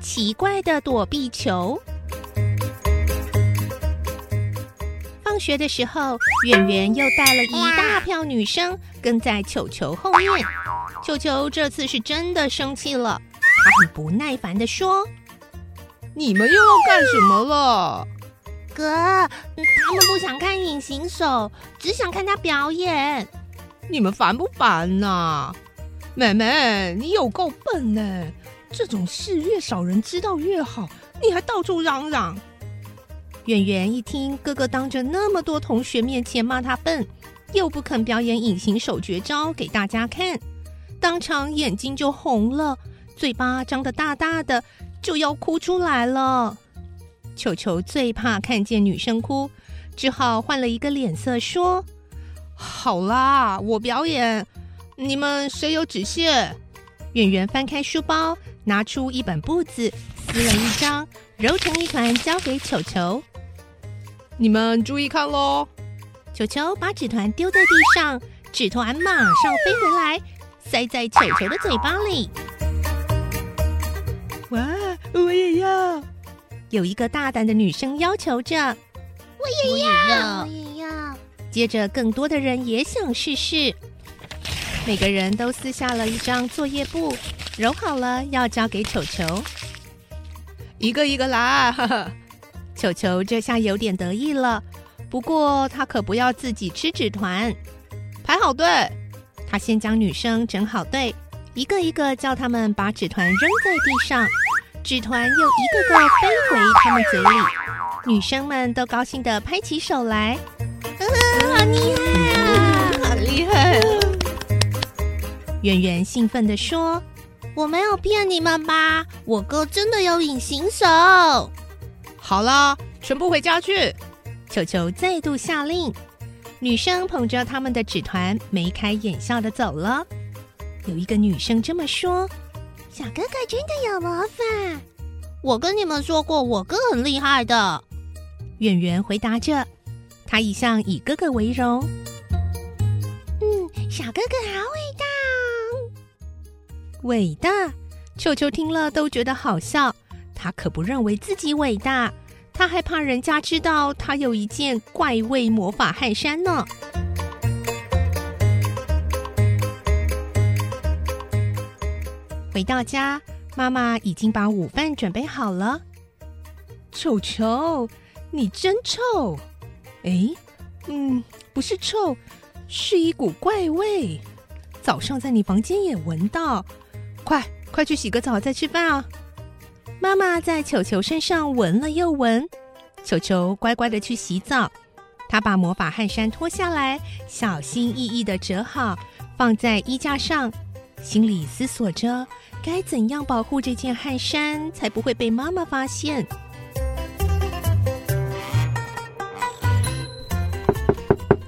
奇怪的躲避球。放學的時候，圓圓又帶了一大票女生跟在裘裘後面。裘裘這次是真的生氣了，他很不耐煩的說：“你們又要幹什麼了？”哥，她們不想看隱形手，只想看它表演。你們煩不煩啊？妹妹，你有夠笨呢！這種事越少人知道越好，你還到處嚷嚷。圓圓一聽哥哥當着那麼多同學面前罵他笨，又不肯表演隱形手絕招給大家看，當場眼睛就紅了，嘴巴張得大大的，就要哭出來了。裘裘最怕看見女生哭，只好換了一個臉色說：“好啦，我表演，你們誰有紙屑？”圓圓翻開書包，拿出一本簿子，撕了一張，揉成一團，交給裘裘。你們注意看嘍！裘裘把紙團丟在地上，紙團馬上飛回來，塞在裘裘的嘴巴裡。哇，我也要！有一個大膽的女生要求着，我也要，我也要。接着，更多的人也想試試。每個人都撕下了一張作業簿，揉好了要交給裘裘。一個一個來，哈哈！裘裘這下有點得意了，不過他可不要自己吃紙團。排好隊，他先將女生整好隊，一個一個叫她們把紙團扔在地上，紙團又一個個飛回他們嘴裡。女生們都高興地拍起手來。啊，好厲害啊， 好厲害！圓圓興奮地說：“我沒有騙你們吧？我哥真的有隱形手。”好了，全部回家去。裘裘再度下令。女生捧着他們的紙團，眉開眼笑的走了。有一個女生這麼說：“小哥哥真的有魔法。”我跟你們說過，我哥很厲害的。圓圓回答着，他一向以哥哥為榮。嗯，小哥哥好偉大。偉大，裘裘聽了都覺得好笑。他可不認為自己偉大，他害怕人家知道他有一件怪味魔法汗衫呢。回到家，媽媽已經把午飯準備好了。裘裘，你真臭！哎，嗯，不是臭，是一股怪味。早上在你房間也聞到。快快去洗個澡再吃飯哦！媽媽在球球身上聞了又聞，球球乖乖的去洗澡。他把魔法汗衫脫下來，小心翼翼的折好，放在衣架上，心裡思索着該怎樣保護這件汗衫，才不會被媽媽發現。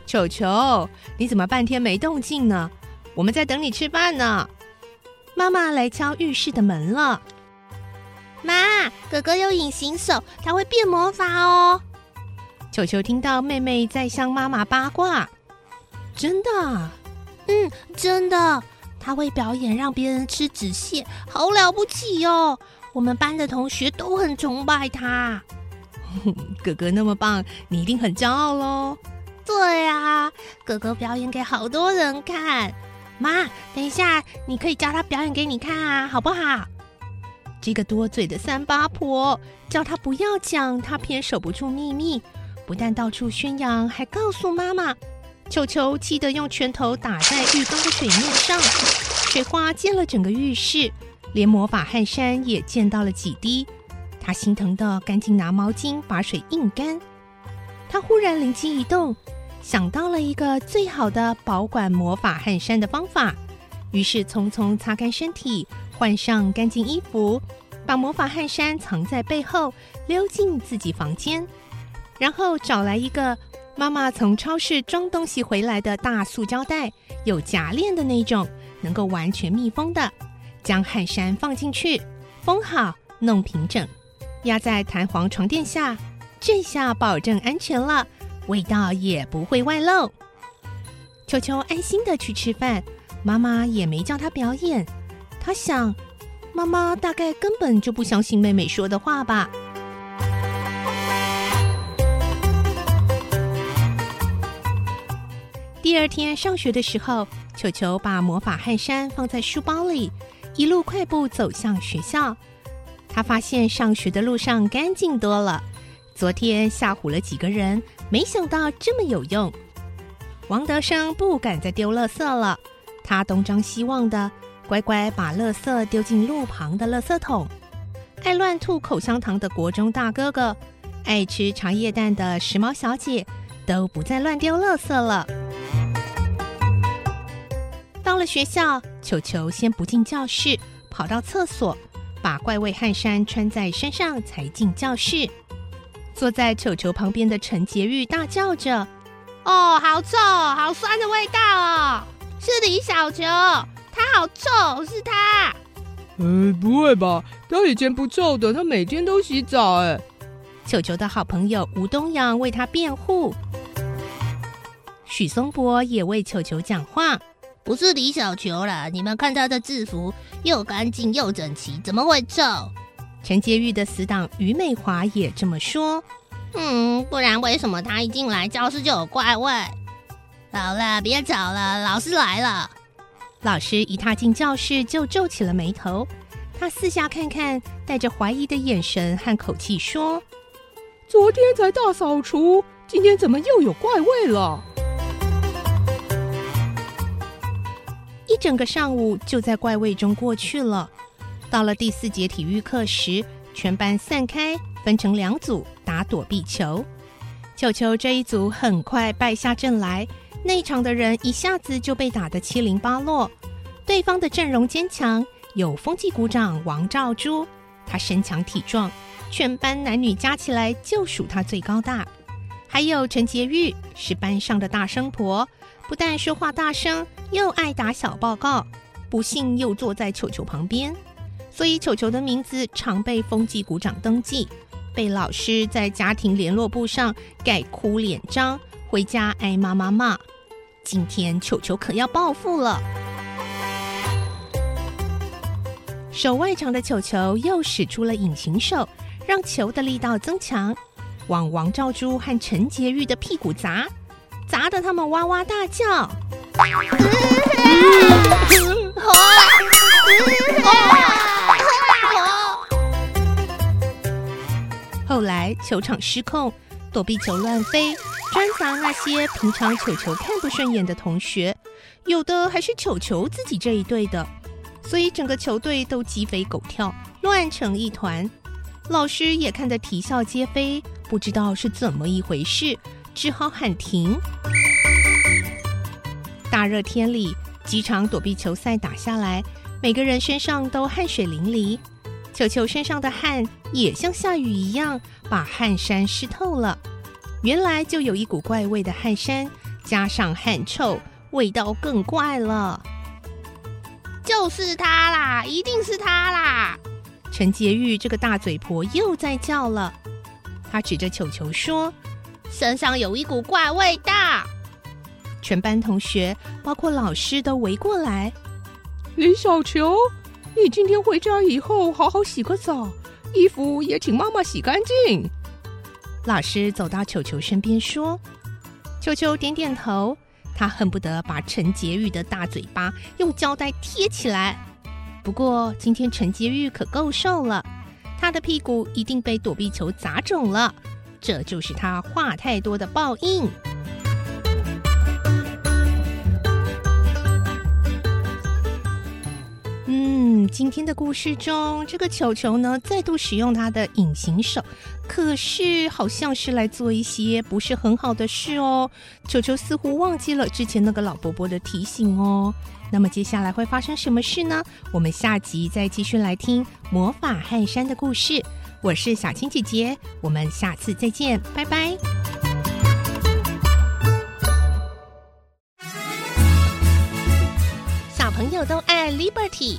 球球，你怎麼半天沒動靜呢？我們在等你吃飯呢。媽媽來敲浴室的門了。媽，哥哥有隱形手，他會變魔法哦。球球聽到妹妹在向媽媽八卦，真的？嗯，真的。他會表演讓別人吃紙屑。好了不起哦！我們班的同學都很崇拜他。呵呵，哥哥那麼棒，你一定很驕傲嘍。對啊，哥哥表演給好多人看。媽，等一下，你可以教他表演給你看啊，好不好？這個多嘴的三八婆，叫他不要講，他偏守不住秘密，不但到處宣揚，還告訴媽媽。裘裘氣得用拳頭打在浴缸的水面上，水花濺了整個浴室，連魔法汗衫也濺到了幾滴。他心疼得趕緊拿毛巾把水印乾。他忽然靈機一動。想到了一個最好的保管魔法汗衫的方法，於是匆匆擦乾身體，換上乾淨衣服，把魔法汗衫藏在背後，溜進自己房間。然後找來一個媽媽從超市裝東西回來的大塑膠袋，有夾鏈的那種，能夠完全密封的，將汗衫放進去，封好，弄平整，壓在彈簧床墊下，這下保證安全了。味道也不會外露。裘裘安心的去吃飯，媽媽也沒叫他表演。他想，媽媽大概根本就不相信妹妹說的話吧。 第二天上學的時候，裘裘把魔法汗衫放在書包裡，一路快步走向學校。他發現上學的路上乾淨多了。昨天嚇唬了幾個人，沒想到這麼有用。王德生不敢再丟垃圾了，他東張西望的，乖乖把垃圾丟進路旁的垃圾桶。愛亂吐口香糖的國中大哥哥，愛吃茶葉蛋的時髦小姐，都不再亂丟垃圾了。到了學校，裘裘先不進教室，跑到廁所，把怪味汗衫穿在身上才進教室。坐在球球旁邊的陳杰玉大叫着：“哦，好臭，好酸的味道哦！是李小球，他好臭，是他。”“嗯，不會吧，他以前不臭的，他每天都洗澡。”哎，球球的好朋友吳東陽為他辯護，許松柏也為球球講話：“不是李小球啦，你們看他的制服又乾淨又整齊，怎麼會臭？”陳潔玉的死黨余美華也這麼說：“嗯，不然為什麼她一進來教室就有怪味？好了，別吵了，老師來了。”老師一踏進教室就皺起了眉頭，他四下看看，帶着懷疑的眼神和口氣說：“昨天才大掃除，今天怎麼又有怪味了？”一整個上午就在怪味中過去了。到了第四節體育課時，全班散開，分成兩組打躲避球。裘裘這一組很快敗下陣來，內場的人一下子就被打得七零八落。對方的陣容堅強，有風紀股長王兆珠，他身強體壯，全班男女加起來就屬他最高大。還有陳潔玉，是班上的大聲婆，不但說話大聲，又愛打小報告，不幸又坐在裘裘旁邊。所以球球的名字常被風紀股長登記，被老師在家庭聯絡簿上蓋哭臉章，回家挨媽媽罵。今天球球可要報復了。手外長的球球又使出了隱形手，讓球的力道增強，往王兆珠和陳杰玉的屁股砸，砸得他們哇哇大叫。 好棒 後來球場失控，躲避球亂飛，專砸那些平常球球看不順眼的同學，有的還是球球自己這一隊的，所以整個球隊都雞飛狗跳，亂成一團。老師也看得啼笑皆非，不知道是怎麼一回事，只好喊停。大熱天裡，幾場躲避球賽打下來，每個人身上都汗水淋漓。球球身上的汗也像下雨一樣，把汗衫濕透了。原來就有一股怪味的汗衫，加上汗臭，味道更怪了。就是他啦，一定是他啦！陳潔玉這個大嘴婆又在叫了，她指着球球說：“身上有一股怪味道。”全班同學，包括老師都圍過來。李小球。你今天回家以後，好好洗個澡，衣服也請媽媽洗乾淨。老師走到球球身邊說：“球球點點頭，他恨不得把陳潔玉的大嘴巴用膠帶貼起來。不過今天陳潔玉可夠受了，他的屁股一定被躲避球砸腫了，這就是他話太多的報應。”今天的故事中，這個裘裘呢再度使用他的隱形手，可是好像是來做一些不是很好的事哦。裘裘似乎忘記了之前那個老伯伯的提醒哦。那麼接下來會發生什麼事呢？我們下集再繼續來聽魔法汗衫的故事。我是小青姐姐，我們下次再見，拜拜。小朋友都愛 Liberty。